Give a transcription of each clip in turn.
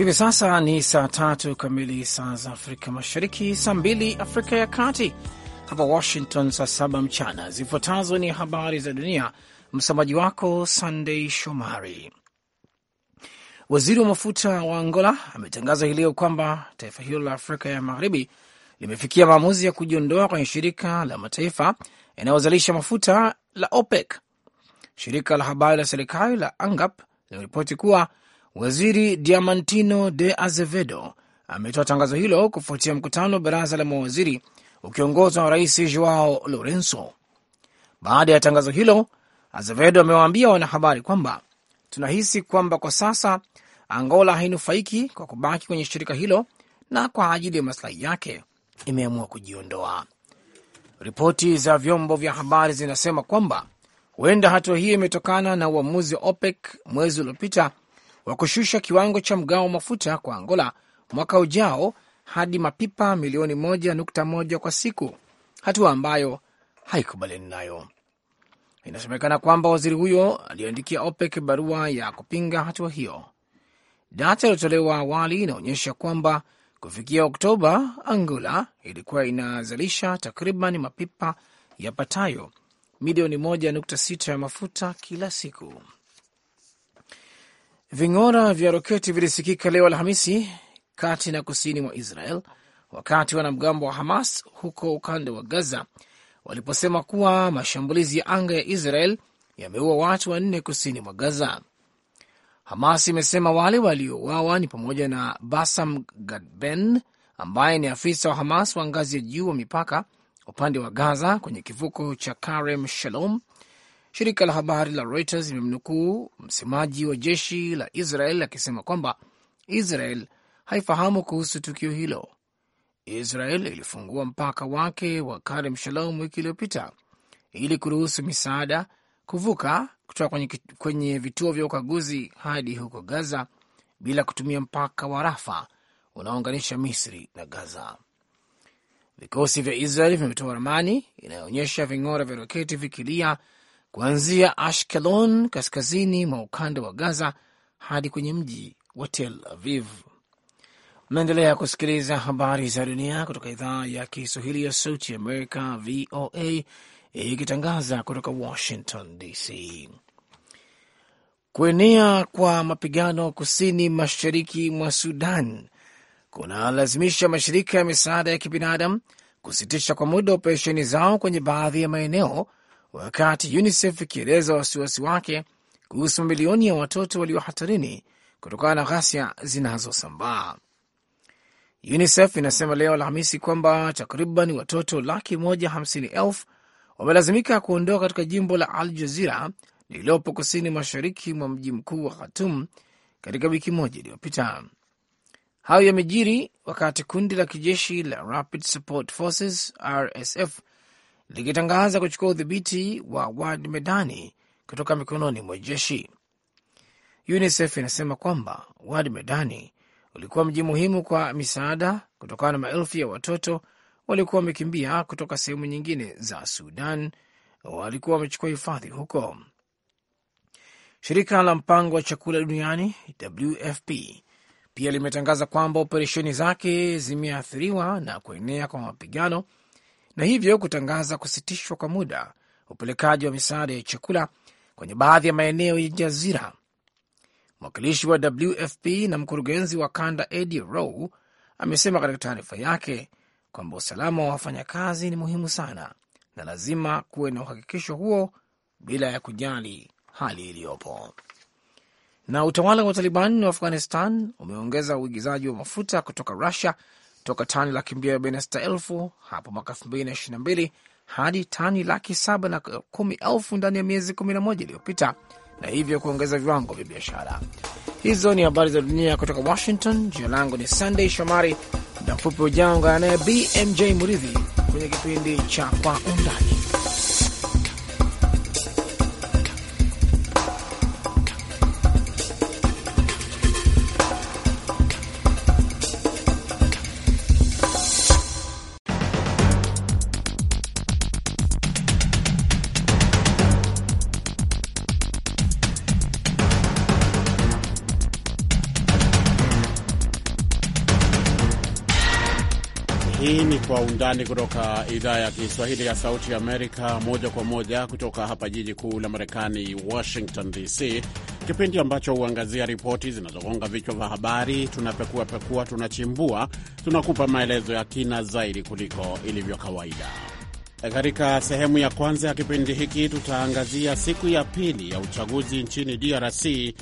Hivi sasa ni saa tatu kamili, saa za Afrika Mashariki, saa mbili Afrika ya Kati, hapa Washington saa saba mchana. Zifuatazo ni habari za dunia, msomaji wako Sandei Shomari. Waziri wa mafuta wa Angola ametangaza hii leo kwamba taifa hilo la Afrika ya Magharibi limefikia maamuzi ya kujiondoa kwenye shirika la mataifa yanayozalisha mafuta la OPEC. Shirika la habari la serikali la ANGAP limeripoti kuwa Waziri Diamantino de Azevedo ametoa tangazo hilo kufuatia mkutano wa baraza la mawaziri ukiongozwa na Rais Joao Lorenzo. Baada ya tangazo hilo, Azevedo amewaambia wanahabari kwamba tunahisi kwamba kwa sasa Angola hainufaiki kwa kubaki kwenye shirika hilo na kwa ajili ya masilahi yake imeamua kujiondoa. Ripoti za vyombo vya habari zinasema kwamba huenda hatua hiyo imetokana na uamuzi wa OPEC mwezi uliopita wa kushusha kiwango cha mgao wa mafuta kwa Angola mwaka ujao hadi mapipa milioni moja nukta moja kwa siku, hatua ambayo haikubaliani nayo. Inasemekana kwamba waziri huyo aliandikia OPEC barua ya kupinga hatua hiyo. Data iliyotolewa awali inaonyesha kwamba kufikia Oktoba, Angola ilikuwa inazalisha takriban mapipa yapatayo milioni 1.6 ya mafuta kila siku. Ving'ora vya roketi vilisikika leo Alhamisi kati na kusini mwa Israel wakati wanamgambo wa Hamas huko ukanda wa Gaza waliposema kuwa mashambulizi ya anga ya Israel yameua watu wanne kusini mwa Gaza. Hamas imesema wale waliouawa ni pamoja na Basam Gadben ambaye ni afisa wa Hamas wa ngazi ya juu wa mipaka upande wa Gaza kwenye kivuko cha Karem Shalom Shirika la habari la Reuters limemnukuu msemaji wa jeshi la Israel akisema kwamba Israel haifahamu kuhusu tukio hilo. Israel ilifungua mpaka wake wa Karem Shalom wiki iliyopita ili kuruhusu misaada kuvuka kutoka kwenye, kwenye vituo vya ukaguzi hadi huko Gaza bila kutumia mpaka wa Rafa unaounganisha Misri na Gaza. Vikosi vya Israel vimetoa ramani inayoonyesha ving'ora vya roketi vikilia kuanzia Ashkelon kaskazini mwa ukanda wa Gaza hadi kwenye mji wa Tel Aviv. Mnaendelea kusikiliza habari za dunia kutoka idhaa ya Kiswahili ya Sauti Amerika, VOA, ikitangaza kutoka Washington DC. Kuenea kwa mapigano kusini mashariki mwa Sudan kunalazimisha mashirika ya misaada ya kibinadamu kusitisha kwa muda operesheni zao kwenye baadhi ya maeneo wakati UNICEF ikieleza wasiwasi wake kuhusu mamilioni ya watoto walio hatarini kutokana na ghasia zinazosambaa. UNICEF inasema leo Alhamisi kwamba takriban watoto laki moja hamsini elfu wamelazimika kuondoka katika jimbo la Al Jazira lililopo kusini mashariki mwa mji mkuu wa Khartoum katika wiki moja iliyopita. Hayo yamejiri wakati kundi la kijeshi la Rapid Support Forces RSF likitangaza kuchukua udhibiti wa Wad Medani kutoka mikononi mwa jeshi. UNICEF inasema kwamba Wad Medani ulikuwa mji muhimu kwa misaada kutokana na maelfu ya watoto waliokuwa wamekimbia kutoka sehemu nyingine za Sudan, walikuwa wamechukua hifadhi huko. Shirika la mpango wa chakula duniani WFP pia limetangaza kwamba operesheni zake zimeathiriwa na kuenea kwa mapigano na hivyo kutangaza kusitishwa kwa muda upelekaji wa misaada ya chakula kwenye baadhi ya maeneo ya jazira. Mwakilishi wa WFP na mkurugenzi wa kanda Eddie Rowe amesema katika taarifa yake kwamba usalama wa wafanyakazi ni muhimu sana na lazima kuwe na uhakikisho huo bila ya kujali hali iliyopo. Na utawala wa Taliban wa Afghanistan umeongeza uigizaji wa mafuta kutoka Rusia toka tani laki mbili arobaini na sita elfu hapo mwaka elfu mbili na ishirini na mbili hadi tani laki saba na kumi elfu ndani ya miezi kumi na moja iliyopita na hivyo kuongeza viwango vya biashara. Hizo ni habari za dunia kutoka Washington. Jina langu ni sandey Shomari. Muda mfupi ujao ungana naye BMJ Muridhi kwenye kipindi cha Kwa Undani. Undani kutoka idhaa ya Kiswahili ya Sauti ya Amerika, moja kwa moja kutoka hapa jiji kuu la Marekani, Washington DC, kipindi ambacho huangazia ripoti zinazogonga vichwa vya habari. Tunapekuapekua, tunachimbua, tunakupa maelezo ya kina zaidi kuliko ilivyo kawaida. Katika sehemu ya kwanza ya kipindi hiki, tutaangazia siku ya pili ya uchaguzi nchini DRC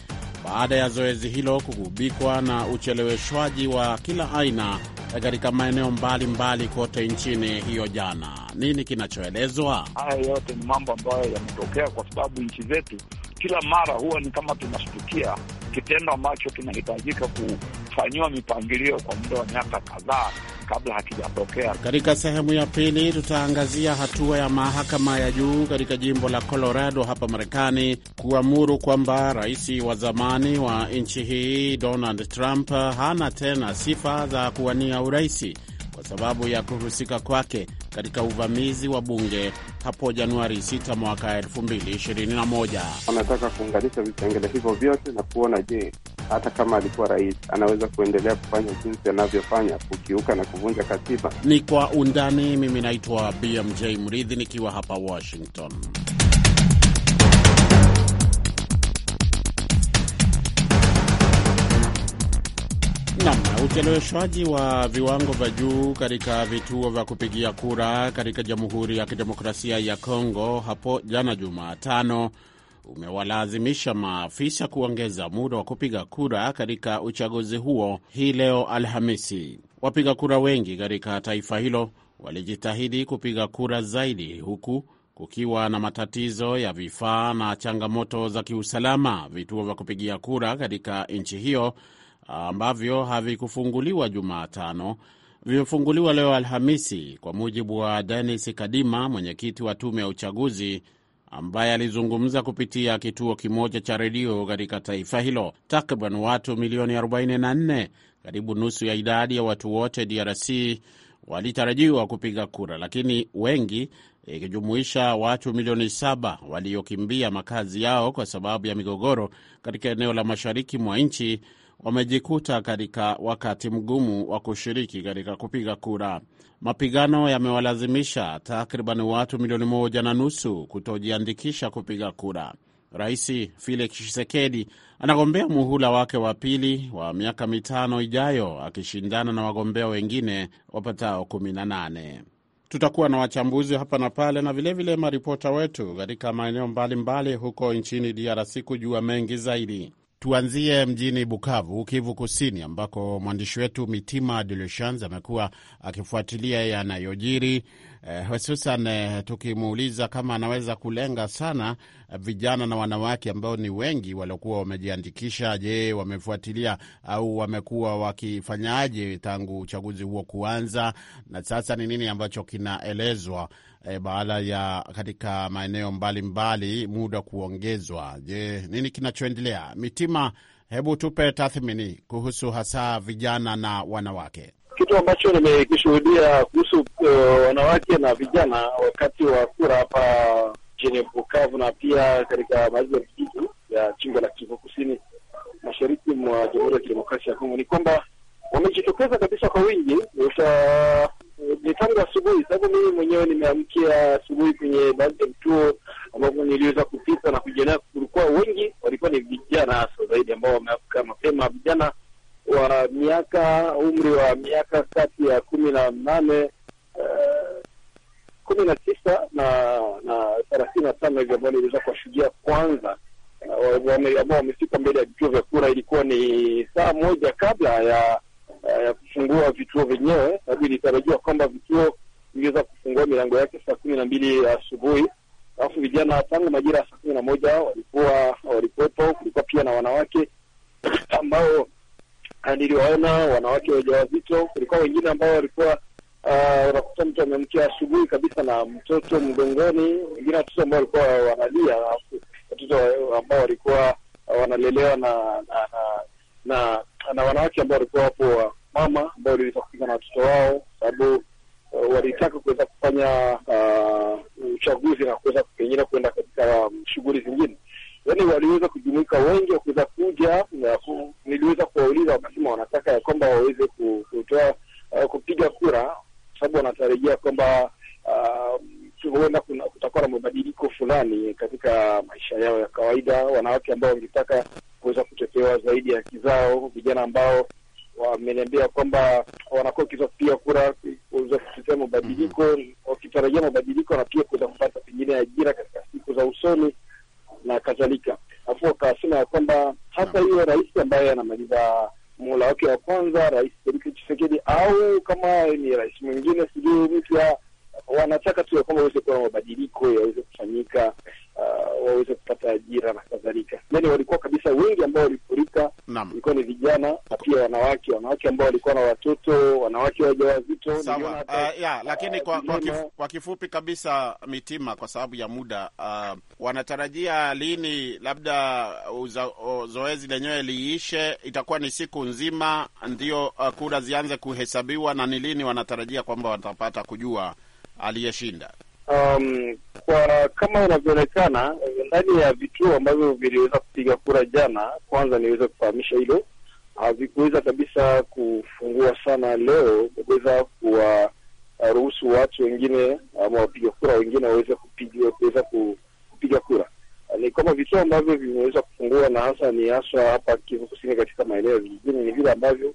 baada ya zoezi hilo kugubikwa na ucheleweshwaji wa kila aina katika maeneo mbalimbali kote nchini hiyo jana. Nini kinachoelezwa? Haya yote ni mambo ambayo yametokea kwa sababu nchi zetu kila mara huwa ni kama tunashtukia kitendo ambacho kinahitajika kufanyiwa mipangilio kwa muda wa miaka kadhaa kabla hakijatokea. Katika sehemu ya pili, tutaangazia hatua ya mahakama ya juu katika jimbo la Colorado hapa Marekani kuamuru kwamba rais wa zamani wa nchi hii Donald Trump hana tena sifa za kuwania uraisi kwa sababu ya kuhusika kwake katika uvamizi wa bunge hapo Januari 6 mwaka 2021. Wanataka kuunganisha vipengele hivyo vyote na kuona, je, hata kama alikuwa rais anaweza kuendelea kufanya jinsi anavyofanya kukiuka na kuvunja katiba. Ni kwa undani. Mimi naitwa BMJ Mridhi nikiwa hapa Washington. Uh, Ucheleweshwaji wa viwango vya juu katika vituo vya kupigia kura katika Jamhuri ya Kidemokrasia ya Kongo hapo jana Jumatano umewalazimisha maafisa kuongeza muda wa kupiga kura katika uchaguzi huo hii leo Alhamisi. Wapiga kura wengi katika taifa hilo walijitahidi kupiga kura zaidi huku kukiwa na matatizo ya vifaa na changamoto za kiusalama. Vituo vya kupigia kura katika nchi hiyo ambavyo havikufunguliwa Jumatano vimefunguliwa leo Alhamisi, kwa mujibu wa Denis Kadima, mwenyekiti wa tume ya uchaguzi ambaye alizungumza kupitia kituo kimoja cha redio katika taifa hilo. Takriban watu milioni 44, karibu nusu ya idadi ya watu wote DRC, walitarajiwa kupiga kura, lakini wengi, ikijumuisha watu milioni 7 waliokimbia makazi yao kwa sababu ya migogoro katika eneo la mashariki mwa nchi wamejikuta katika wakati mgumu wa kushiriki katika kupiga kura. Mapigano yamewalazimisha takriban watu milioni moja na nusu kutojiandikisha kupiga kura. Rais Felix Tshisekedi anagombea muhula wake wa pili wa miaka mitano ijayo akishindana na wagombea wengine wapatao 18. Tutakuwa na wachambuzi hapa na pale na vilevile maripota wetu katika maeneo mbalimbali huko nchini DRC kujua mengi zaidi. Tuanzie mjini Bukavu, Kivu Kusini, ambako mwandishi wetu Mitima De amekuwa akifuatilia yanayojiri eh, hususan eh, tukimuuliza kama anaweza kulenga sana eh, vijana na wanawake ambao ni wengi waliokuwa wamejiandikisha. Je, wamefuatilia au wamekuwa wakifanyaje tangu uchaguzi huo kuanza, na sasa ni nini ambacho kinaelezwa eh, baada ya katika maeneo mbalimbali muda kuongezwa? Je, nini kinachoendelea? Mitima, hebu tupe tathmini kuhusu hasa vijana na wanawake kitu ambacho nimekishuhudia kuhusu uh, wanawake na vijana wakati wa kura hapa chini Bukavu na pia katika baadhi ya vijiji ya jimbo la Kivu Kusini, mashariki mwa Jamhuri ya Kidemokrasia ya Kongo ni kwamba wamejitokeza kabisa kwa wingi. Ni tangu asubuhi, sababu mimi mwenyewe nimeamkia asubuhi kwenye baadhi ya vituo ambavyo niliweza kupita na kujionea, kulikuwa wengi, walikuwa ni vijana hasa zaidi ambao wameamka mapema, vijana wa miaka umri wa miaka kati ya kumi na nane eh, kumi na tisa na na thelathini na tano hivi ambao niliweza kuwashuhudia kwanza eh, ambao wamefika mbele ya vituo vya kura. Ilikuwa ni saa moja kabla ya eh, ya kufungua vituo vyenyewe, sababu ilitarajiwa kwamba vituo viliweza kufungua milango yake saa kumi na mbili asubuhi. Alafu vijana tangu majira ya saa kumi na moja walikuwa walikuwepo. Kulikuwa pia na wanawake ambao niliwaona wanawake wajawazito, kulikuwa wengine ambao walikuwa Uh, mtu amemkia asubuhi kabisa na mtoto mgongoni, wengine watoto ambao walikuwa wanalia, watoto ambao walikuwa wanalelewa na na na, na, na wanawake ambao walikuwa wapo mama ambao waliweza kufika na watoto wao, sababu uh, walitaka kuweza kufanya uh, uchaguzi na kuweza pengine kuenda katika um, shughuli zingine yani waliweza kujumuika wengi wakuweza kuja na ku, niliweza kuwauliza wakasema wanataka ya kwamba waweze kutoa uh, kupiga kura kwa sababu wanatarajia kwamba uh, huenda uh, kutakuwa na mabadiliko fulani katika maisha yao ya kawaida, wanawake ambao wangetaka kuweza kutetewa zaidi haki zao, vijana ambao wameniambia kwamba wanakuwa wakiweza kupiga kura kuweza kutetea mabadiliko, mhm. wakitarajia mabadiliko na pia kuweza kupata pengine ajira katika siku za usoni na kadhalika. Alafu wakasema ya kwamba hata hiyo rais ambaye anamaliza muhula wake wa kwanza, Rais Felix Tshisekedi au kama ni rais mwingine sijui mpya, wanataka tu ya kwamba aweze kuwa na mabadiliko yaweze kufanyika uh, waweze kupata ajira na kadhalika. Yani walikuwa kabisa wengi ambao walifurika ilikuwa ni vijana na pia wanawake, wanawake ambao walikuwa na watoto, wanawake wajawazito. Ah, uh, yeah, lakini uh, kwa, kwa, kif, kwa kifupi kabisa Mitima, kwa sababu ya muda uh, wanatarajia lini labda uza, zoezi lenyewe liishe? Itakuwa ni siku nzima ndio uh, kura zianze kuhesabiwa, na ni lini wanatarajia kwamba watapata kujua aliyeshinda? Um, kwa kama inavyoonekana ndani ya vituo ambavyo viliweza kupiga kura jana, kwanza niweze kufahamisha hilo, havikuweza kabisa kufungua sana leo kuweza kuwaruhusu watu wengine ama wapiga kura wengine waweze kuweza kupiga kura. Ni kwamba vituo ambavyo vimeweza kufungua na hasa ni haswa hapa Kivu Kusini katika maeneo ya vijijini ni vile ambavyo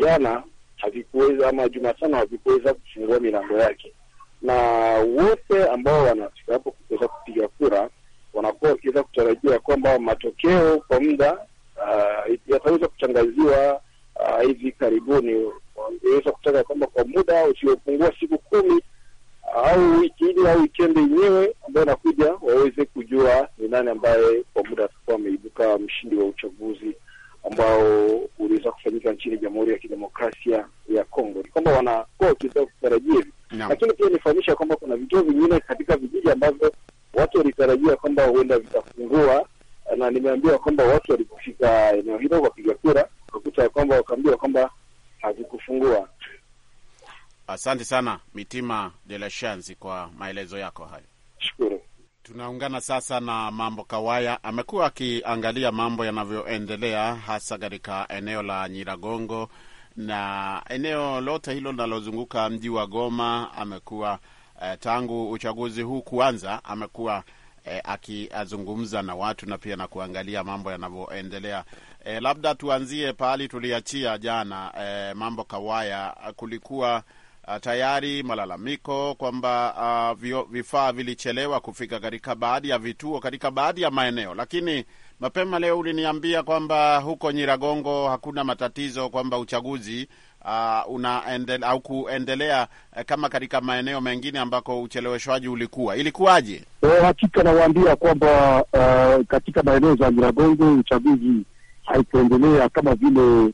jana havikuweza ama Jumatano havikuweza kufungua milango yake na wote ambao wanafika hapo kuweza kupiga kura wanakuwa wakiweza kutarajia kwamba matokeo kwa muda uh, yataweza kutangaziwa uh, hivi karibuni. Wangeweza kutaka kwamba kwa muda usiopungua siku kumi uh, au wiki ili au wikendi yenyewe ambayo inakuja waweze kujua ni nani ambaye kwa muda atakuwa ameibuka mshindi wa uchaguzi ambao uliweza kufanyika nchini Jamhuri ya Kidemokrasia ya Kongo. Ni kwamba wanakuwa wakiweza kutarajia lakini pia nifahamisha kwamba kuna vituo vingine katika vijiji ambavyo watu walitarajia kwamba huenda vitafungua, eh, na nimeambiwa kwamba watu walipofika eneo hilo wapiga kura wakakuta kwamba wakaambiwa kwamba havikufungua. Asante sana Mitima de la Chance kwa maelezo yako hayo, shukuru. Tunaungana sasa na Mambo Kawaya. Amekuwa akiangalia mambo yanavyoendelea hasa katika eneo la Nyiragongo na eneo lote hilo linalozunguka mji wa Goma. Amekuwa eh, tangu uchaguzi huu kuanza, amekuwa eh, akizungumza na watu na pia na kuangalia mambo yanavyoendelea. Eh, labda tuanzie pahali tuliachia jana, eh, mambo Kawaya kulikuwa uh, tayari malalamiko kwamba uh, vifaa vilichelewa kufika katika baadhi ya vituo katika baadhi ya maeneo. Lakini mapema leo uliniambia kwamba huko Nyiragongo hakuna matatizo, kwamba uchaguzi uh, ah, unaendelea au kuendelea uh, kama katika maeneo mengine ambako ucheleweshwaji ulikuwa. Ilikuwaje? E, hakika nawaambia kwamba uh, katika maeneo za Nyiragongo uchaguzi haikuendelea kama vile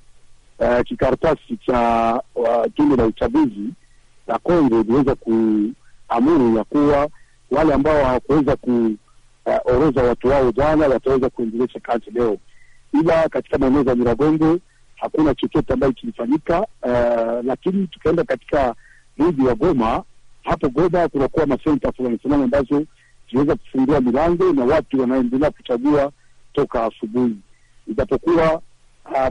uh, kikaratasi cha uh, tume la uchaguzi la Kongo iliweza kuamuru ya kuwa wale ambao hawakuweza kuoroza eh, uh, watu wao jana wataweza kuendelesha kazi leo, ila katika maeneo za Nyiragongo hakuna chochote ambayo kilifanyika. Uh, lakini tukaenda katika mji wa Goma. Hapo Goma kunakuwa masenta fulani fulani ambazo ziweza kufungua milango na watu wanaendelea kuchagua toka asubuhi, ijapokuwa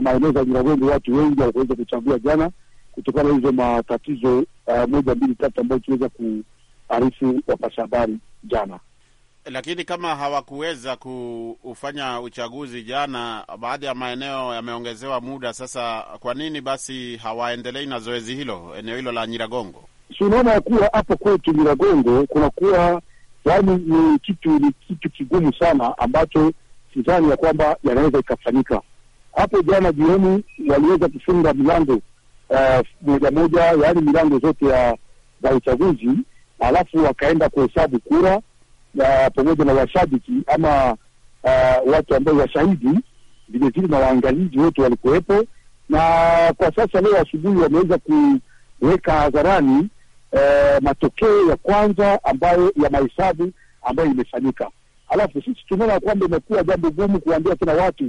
maeneo ya Nyiragongo watu wengi hawakuweza kuchagua jana kutokana na hizo matatizo uh, moja mbili tatu ambayo tuliweza kuarifu wapasha habari jana. Lakini kama hawakuweza kufanya uchaguzi jana, baadhi ya maeneo yameongezewa muda sasa. Kwa nini basi hawaendelei na zoezi hilo eneo hilo la Nyiragongo? Si unaona ya kuwa hapo kwetu Nyiragongo kunakuwa yani ni kitu ni kitu kigumu sana ambacho sidhani ya kwamba yanaweza ikafanyika hapo jana jioni waliweza kufunga milango eh, moja moja, yaani milango zote ya za uchaguzi, alafu wakaenda kuhesabu kura pamoja na washabiki ama uh, watu ambao washahidi vilevile na waangalizi wote walikuwepo, na kwa sasa leo asubuhi wameweza kuweka hadharani uh, matokeo ya kwanza ambayo ya mahesabu ambayo imefanyika. Alafu sisi tunaona kwamba imekuwa jambo gumu kuambia tena watu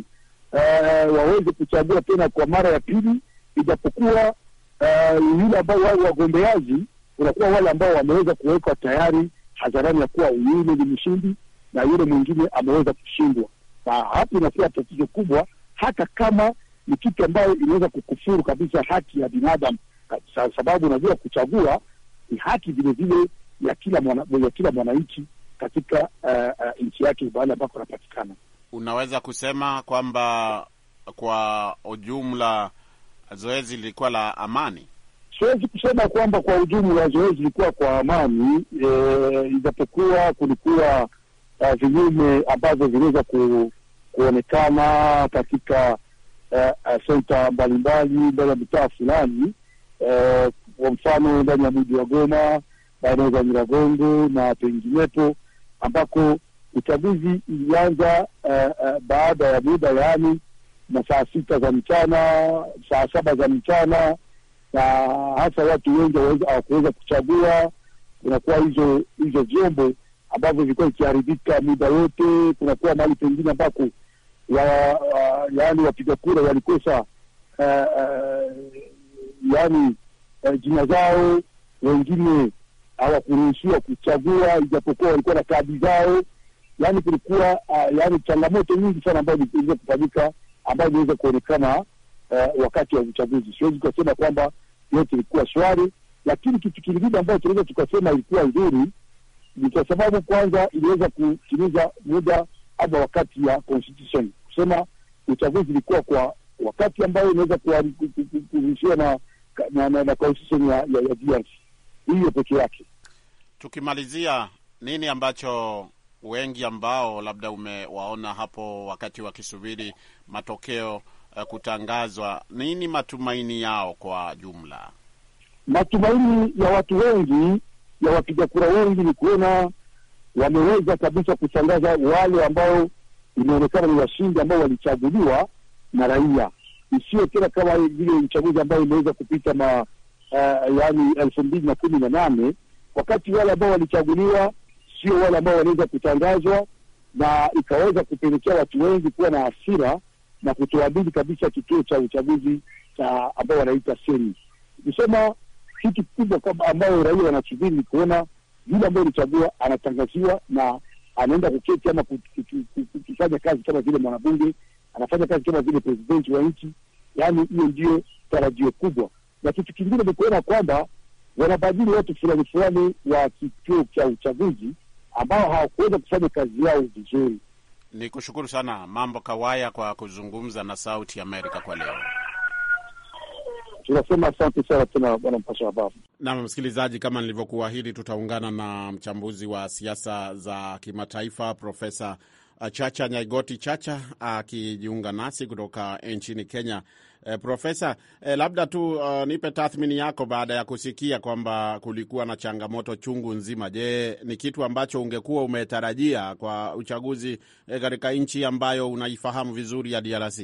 uh, waweze kuchagua tena kwa mara ya pili, ijapokuwa uh, yule ambao wao wagombeaji unakuwa wale ambao wameweza kuwekwa tayari hadharani ya kuwa yule ni mshindi na yule mwingine ameweza kushindwa, na hapo inakuwa tatizo kubwa, hata kama ni kitu ambayo inaweza kukufuru kabisa haki ya binadamu, sababu unajua kuchagua ni haki vilevile ya kila ya kila mwananchi katika uh, uh, nchi yake, mahali ambako anapatikana unaweza kusema kwamba kwa ujumla zoezi lilikuwa la amani? Siwezi kusema kwamba kwa ujumla zoezi lilikuwa kwa amani e, ijapokuwa kulikuwa uh, vinyume ambazo viliweza ku, kuonekana katika uh, e, e, senta mbalimbali ndani ya mitaa fulani uh, kwa mfano ndani ya mji wa Goma, maeneo za Nyiragongo na penginepo ambako Uchaguzi ilianza uh, eh, uh, eh, baada ya muda, yaani na saa sita za mchana, saa saba za mchana, na hasa watu wengi hawakuweza kuchagua. Kunakuwa hizo hizo vyombo ambavyo vilikuwa ikiharibika muda wote. Kunakuwa mahali pengine ambako wa, yaani wapiga kura walikosa uh, uh, yaani uh, jina zao, wengine hawakuruhusiwa kuchagua ijapokuwa walikuwa na kadi zao yani kulikuwa uh, yani changamoto nyingi sana ambazo ziliweza kufanyika ambazo ziliweza kuonekana uh, wakati wa uchaguzi. Siwezi kusema kwamba yote ilikuwa shwari, lakini kitu kingine ambacho tunaweza tukasema ilikuwa nzuri ni kwa sababu kwanza iliweza kutimiza muda ama wakati ya constitution kusema uchaguzi ulikuwa kwa wakati ambayo inaweza kuhusishwa na, na, na, na constitution ya, ya, ya DRC hiyo peke yake. Tukimalizia nini ambacho wengi ambao labda umewaona hapo wakati wakisubiri matokeo uh, kutangazwa. Nini matumaini yao kwa jumla? Matumaini ya watu wengi, ya wapiga kura wengi ni kuona wameweza kabisa kutangaza wale ambao imeonekana ni washindi ambao walichaguliwa na raia, isiyo tena kama vile uchaguzi ambao imeweza kupita ma, uh, yaani elfu mbili na kumi na nane wakati wale ambao walichaguliwa sio wale ambao wanaweza kutangazwa, na ikaweza kupelekea watu wengi kuwa na hasira na kutoamini kabisa kituo cha uchaguzi cha ambao wanaita seni. Kusema kitu kikubwa kama ambayo raia wanasubiri ni kuona yule ambayo alichagua anatangaziwa na anaenda kuketi ama kufanya kazi kama vile mwanabunge, anafanya kazi kama vile presidenti wa nchi. Yaani hiyo ndio tarajio kubwa, na kitu kingine ni kuona kwamba wanabadili watu fulani fulani wa kituo cha uchaguzi ambao hawakuweza kufanya kazi yao vizuri. Ni kushukuru sana Mambo Kawaya kwa kuzungumza na Sauti Amerika kwa leo. Tunasema asante sana tena bwana mpasha habari. Nam msikilizaji, kama nilivyokuahidi, tutaungana na mchambuzi wa siasa za kimataifa Profesa Chacha Nyaigoti Chacha akijiunga nasi kutoka nchini Kenya Eh, Profesa, eh, labda tu uh, nipe tathmini yako baada ya kusikia kwamba kulikuwa na changamoto chungu nzima. Je, ni kitu ambacho ungekuwa umetarajia kwa uchaguzi eh, katika eh, nchi ambayo unaifahamu vizuri ya DRC?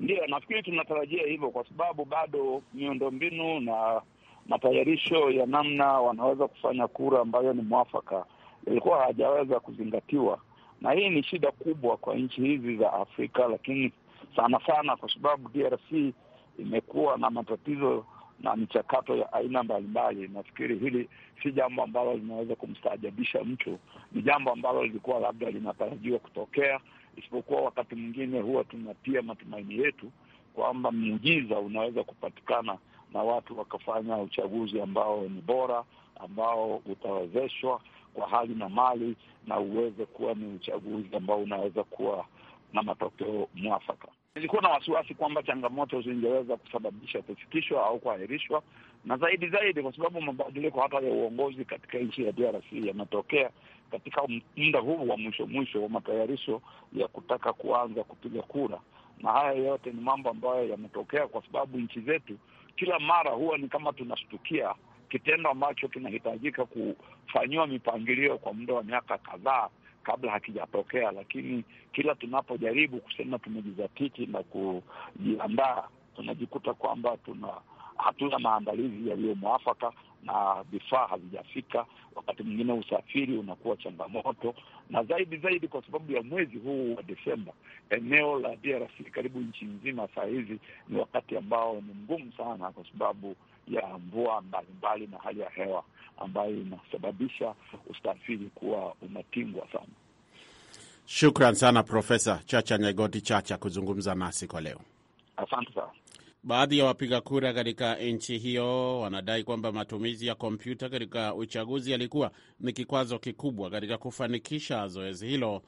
Ndiyo, nafikiri tunatarajia hivyo kwa sababu bado miundombinu na matayarisho ya namna wanaweza kufanya kura ambayo ni mwafaka ilikuwa hawajaweza kuzingatiwa, na hii ni shida kubwa kwa nchi hizi za Afrika, lakini sana sana, kwa sababu DRC imekuwa na matatizo na michakato ya aina mbalimbali. Nafikiri hili si jambo ambalo linaweza kumstaajabisha mtu, ni jambo ambalo lilikuwa labda linatarajiwa kutokea, isipokuwa wakati mwingine huwa tunatia matumaini yetu kwamba muujiza unaweza kupatikana na watu wakafanya uchaguzi ambao ni bora, ambao utawezeshwa kwa hali na mali, na uweze kuwa ni uchaguzi ambao unaweza kuwa na matokeo mwafaka. Nilikuwa na wasiwasi kwamba changamoto zingeweza kusababisha kufikishwa au kuahirishwa, na zaidi zaidi, kwa sababu mabadiliko hata ya uongozi katika nchi ya DRC yametokea katika muda huu wa mwisho mwisho wa matayarisho ya kutaka kuanza kupiga kura, na haya yote ni mambo ambayo yametokea kwa sababu nchi zetu kila mara huwa ni kama tunashtukia kitendo ambacho kinahitajika kufanyiwa mipangilio kwa muda wa miaka kadhaa kabla hakijatokea lakini kila tunapojaribu kusema tumejizatiti na kujiandaa tunajikuta kwamba tuna hatuna maandalizi yaliyo mwafaka na vifaa havijafika. Wakati mwingine usafiri unakuwa changamoto, na zaidi zaidi kwa sababu ya mwezi huu wa Desemba, eneo la DRC karibu nchi nzima saa hizi ni wakati ambao ni mgumu sana, kwa sababu ya mvua mbalimbali na hali ya hewa ambayo inasababisha usafiri kuwa unatingwa sana. Shukran sana Profesa Chacha Nyegoti Chacha kuzungumza nasi kwa leo. Asante sana. Baadhi ya wapiga kura katika nchi hiyo wanadai kwamba matumizi ya kompyuta katika uchaguzi yalikuwa ni kikwazo kikubwa katika kufanikisha zoezi hilo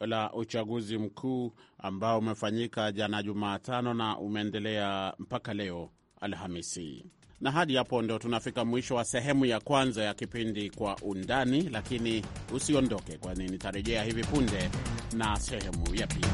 la uchaguzi mkuu ambao umefanyika jana Jumatano na umeendelea mpaka leo Alhamisi. Na hadi hapo ndo tunafika mwisho wa sehemu ya kwanza ya kipindi Kwa Undani, lakini usiondoke, kwani nitarejea hivi punde na sehemu ya pili.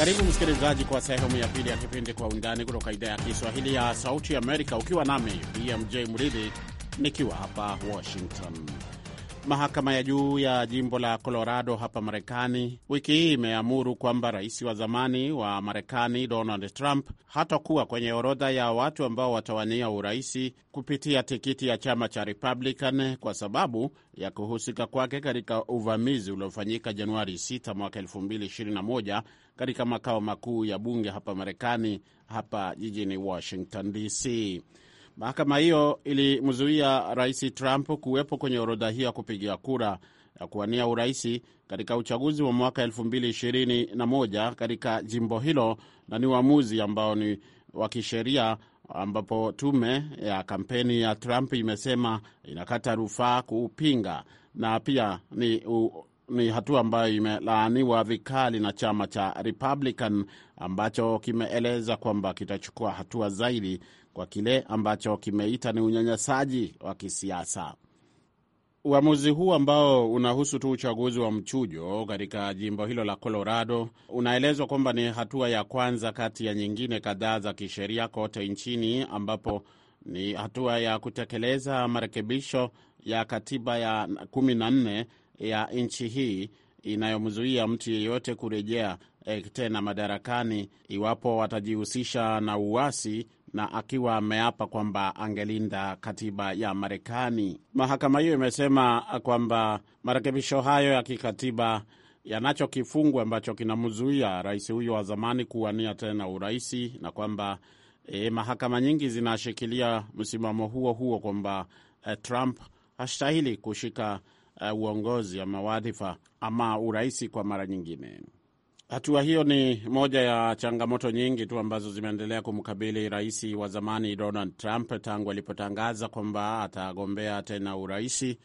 Karibu msikilizaji kwa sehemu ya pili ya kipindi Kwa Undani kutoka idhaa ya Kiswahili ya Sauti Amerika, ukiwa nami BMJ Mridhi nikiwa hapa Washington. Mahakama ya juu ya jimbo la Colorado hapa Marekani wiki hii imeamuru kwamba rais wa zamani wa Marekani Donald Trump hatakuwa kwenye orodha ya watu ambao watawania uraisi kupitia tikiti ya chama cha Republican kwa sababu ya kuhusika kwake katika uvamizi uliofanyika Januari 6 mwaka 2021 katika makao makuu ya bunge hapa Marekani, hapa jijini Washington DC. Mahakama hiyo ilimzuia Rais Trump kuwepo kwenye orodha hiyo ya kupigia kura ya kuwania uraisi katika uchaguzi wa mwaka 2021 katika jimbo hilo, na ni uamuzi ambao ni wa kisheria, ambapo tume ya kampeni ya Trump imesema inakata rufaa kuupinga, na pia ni, u, ni hatua ambayo imelaaniwa vikali na chama cha Republican ambacho kimeeleza kwamba kitachukua hatua zaidi kwa kile ambacho kimeita ni unyanyasaji wa kisiasa. Uamuzi huu ambao unahusu tu uchaguzi wa mchujo katika jimbo hilo la Colorado unaelezwa kwamba ni hatua ya kwanza kati ya nyingine kadhaa za kisheria kote nchini, ambapo ni hatua ya kutekeleza marekebisho ya katiba ya kumi na nne ya nchi hii inayomzuia mtu yeyote kurejea eh, tena madarakani iwapo watajihusisha na uasi na akiwa ameapa kwamba angelinda katiba ya Marekani. Mahakama hiyo imesema kwamba marekebisho hayo ya kikatiba yanacho kifungu ambacho kinamzuia rais huyo wa zamani kuwania tena uraisi na kwamba eh, mahakama nyingi zinashikilia msimamo huo huo kwamba eh, Trump hastahili kushika eh, uongozi ama wadhifa ama uraisi kwa mara nyingine. Hatua hiyo ni moja ya changamoto nyingi tu ambazo zimeendelea kumkabili rais wa zamani Donald Trump tangu alipotangaza kwamba atagombea tena uraisi,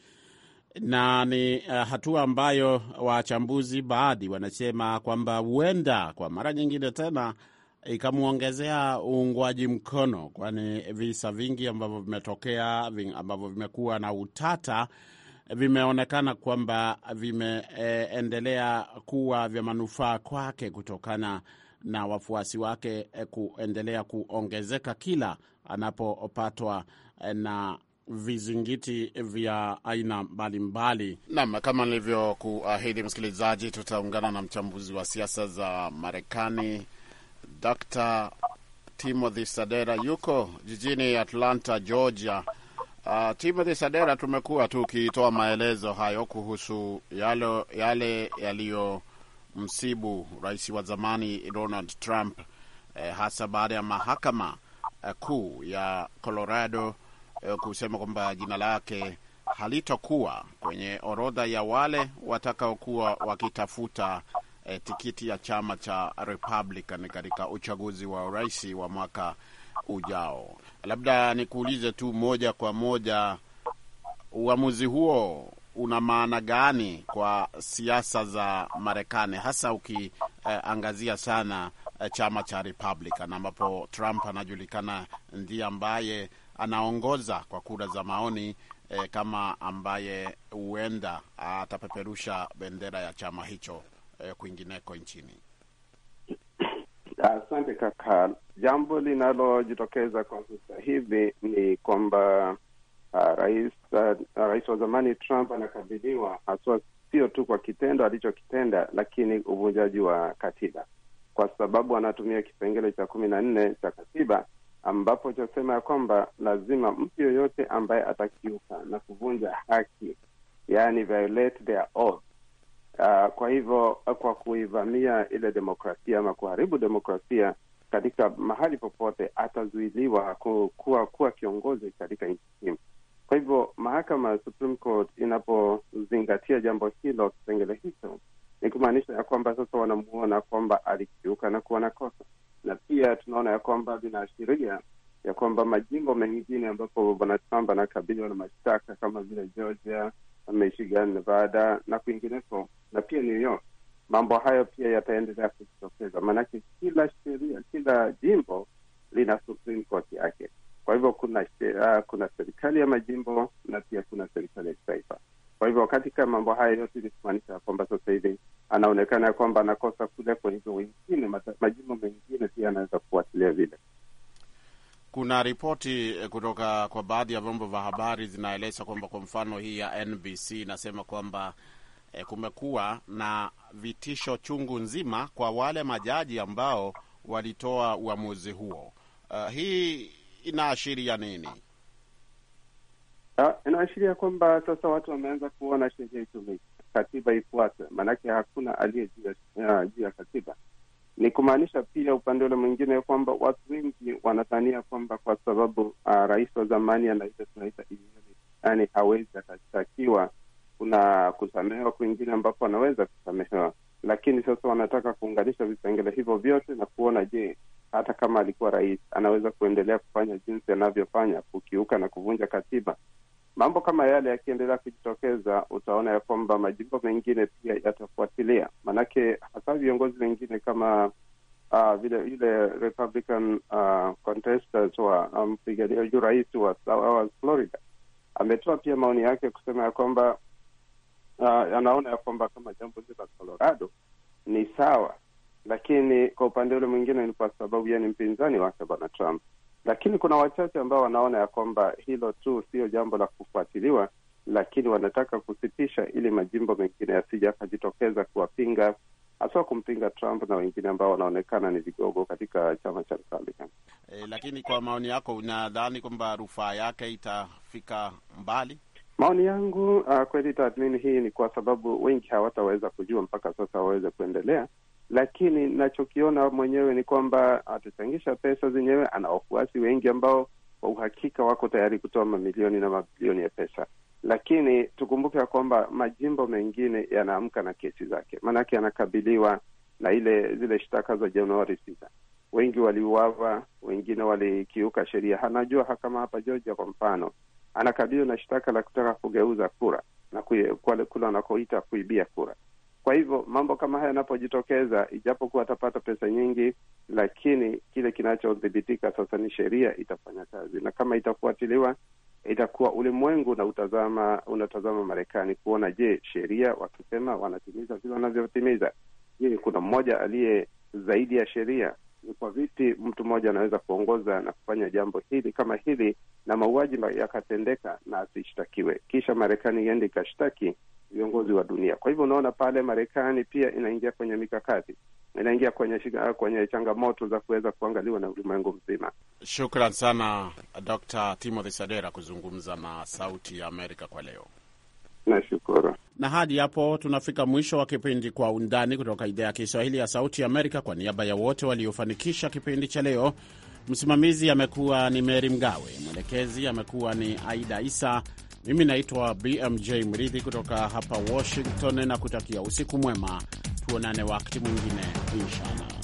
na ni eh, hatua ambayo wachambuzi baadhi wanasema kwamba huenda kwa mara nyingine tena ikamwongezea uungwaji mkono, kwani visa vingi ambavyo vimetokea ambavyo vimekuwa na utata vimeonekana kwamba vimeendelea e, kuwa vya manufaa kwake kutokana na wafuasi wake eh, kuendelea kuongezeka kila anapopatwa eh, na vizingiti vya aina mbalimbali. Naam, kama nilivyokuahidi, msikilizaji, tutaungana na mchambuzi wa siasa za Marekani Dr. Timothy Sadera, yuko jijini Atlanta, Georgia Uh, Timothy Sadera, tumekuwa tukitoa maelezo hayo kuhusu yalo, yale yaliyomsibu rais wa zamani Donald Trump eh, hasa baada ya mahakama eh, kuu ya Colorado eh, kusema kwamba jina lake halitokuwa kwenye orodha ya wale watakaokuwa wakitafuta eh, tikiti ya chama cha Republican katika uchaguzi wa urais wa mwaka ujao labda nikuulize tu moja kwa moja, uamuzi huo una maana gani kwa siasa za Marekani, hasa ukiangazia eh, sana eh, chama cha Republican ambapo Trump anajulikana ndiye ambaye anaongoza kwa kura za maoni eh, kama ambaye huenda atapeperusha bendera ya chama hicho eh, kwingineko nchini. Asante kaka. Jambo linalojitokeza kwa sasa hivi ni kwamba uh, rais uh, rais wa zamani Trump anakabiliwa haswa, sio tu kwa kitendo alichokitenda, lakini uvunjaji wa katiba, kwa sababu anatumia kipengele cha kumi na nne cha katiba ambapo chasema ya kwamba lazima mtu yoyote ambaye atakiuka na kuvunja haki, yaani violate their oath Uh, kwa hivyo kwa kuivamia ile demokrasia ama kuharibu demokrasia katika mahali popote, atazuiliwa kuwa kuwa kiongozi katika nchi hii. Kwa hivyo mahakama Supreme Court inapozingatia jambo hilo, kipengele hicho ni kumaanisha ya kwamba sasa wanamuona kwamba alikiuka na kuwa na kosa, na pia tunaona ya kwamba vinaashiria ya kwamba majimbo mengine ambapo bwana Trump anakabiliwa na mashtaka kama vile Georgia, Michigan, Nevada na kwingineko pia New York, mambo hayo pia yataendelea kujitokeza, maanake kila sheria, kila jimbo lina Supreme Court yake. Kwa hivyo kuna sheria, kuna serikali ya majimbo na pia kuna serikali ya kitaifa. Kwa hivyo katika mambo hayo yote ni kumaanisha ya kwamba sasa hivi anaonekana ya kwamba anakosa kule, kwa hivyo wengine, majimbo mengine pia anaweza kufuatilia vile kuna ripoti eh, kutoka kwa baadhi ya vyombo vya habari zinaeleza kwamba kwa mfano hii ya NBC inasema kwamba e, kumekuwa na vitisho chungu nzima kwa wale majaji ambao walitoa uamuzi huo. Uh, hii inaashiria nini? Ah, inaashiria kwamba sasa watu wameanza kuona sheria itumike, katiba ifuate maanake hakuna aliye ah, juu ya katiba. Ni kumaanisha pia upande ule mwingine kwamba watu wengi wanadhania kwamba kwa sababu uh, rais wa zamani anaita tunaita yani hawezi akashtakiwa kuna kusamehewa kwingine ambapo anaweza kusamehewa, lakini sasa wanataka kuunganisha vipengele hivyo vyote na kuona, je, hata kama alikuwa rais anaweza kuendelea kufanya jinsi anavyofanya, kukiuka na kuvunja katiba. Mambo kama yale yakiendelea kujitokeza, utaona ya kwamba majimbo mengine pia yatafuatilia, maanake hasa viongozi wengine kama uh, vile yule Republican uh, ah, contestant wa mpigania um, rais wa Florida ametoa pia maoni yake kusema ya kwamba uh, anaona ya kwamba kama jambo hili la Colorado ni sawa, lakini kwa upande ule mwingine ni kwa sababu yeye ni mpinzani wake bwana Trump. Lakini kuna wachache ambao wanaona ya kwamba hilo tu sio jambo la kufuatiliwa, lakini wanataka kusitisha ili majimbo mengine yasija akajitokeza kuwapinga haswa kumpinga Trump na wengine ambao wanaonekana ni vigogo katika chama cha Republican. E, lakini kwa maoni yako unadhani kwamba rufaa yake itafika mbali? Maoni yangu uh, kweli tathmini hii ni kwa sababu wengi hawataweza kujua mpaka sasa waweze kuendelea, lakini nachokiona mwenyewe ni kwamba atachangisha pesa zenyewe. Ana wafuasi wengi ambao kwa uhakika wako tayari kutoa mamilioni na mabilioni ya pesa, lakini tukumbuke ya kwamba majimbo mengine yanaamka na kesi zake, maanake yanakabiliwa na ile zile shtaka za Januari sita. Wengi waliuawa, wengine walikiuka sheria. Anajua kama hapa Georgia kwa mfano anakabiliwa na shtaka la kutaka kugeuza kura na kule wanakoita kuibia kura. Kwa hivyo mambo kama haya yanapojitokeza, ijapokuwa atapata pesa nyingi, lakini kile kinachodhibitika sasa ni sheria itafanya kazi, na kama itafuatiliwa, itakuwa ulimwengu utazama unatazama Marekani kuona, je, sheria wakisema wanatimiza vile wanavyotimiza? Je, kuna mmoja aliye zaidi ya sheria? Ni kwa vipi mtu mmoja anaweza kuongoza na kufanya jambo hili kama hili na mauaji yakatendeka na asishtakiwe, kisha Marekani iende ikashtaki viongozi wa dunia. Kwa hivyo unaona pale Marekani pia inaingia kwenye mikakati inaingia kwenye shiga, kwenye changamoto za kuweza kuangaliwa na ulimwengu mzima. Shukran sana Dr. Timothy Sadera kuzungumza na Sauti ya Amerika kwa leo. Nashukuru. Na hadi hapo tunafika mwisho wa kipindi Kwa Undani kutoka idhaa ya Kiswahili ya Sauti ya Amerika. Kwa niaba ya wote waliofanikisha kipindi cha leo, Msimamizi amekuwa ni Meri Mgawe, mwelekezi amekuwa ni Aida Isa. Mimi naitwa BMJ Mridhi kutoka hapa Washington na kutakia usiku mwema. Tuonane wakati mwingine, inshallah.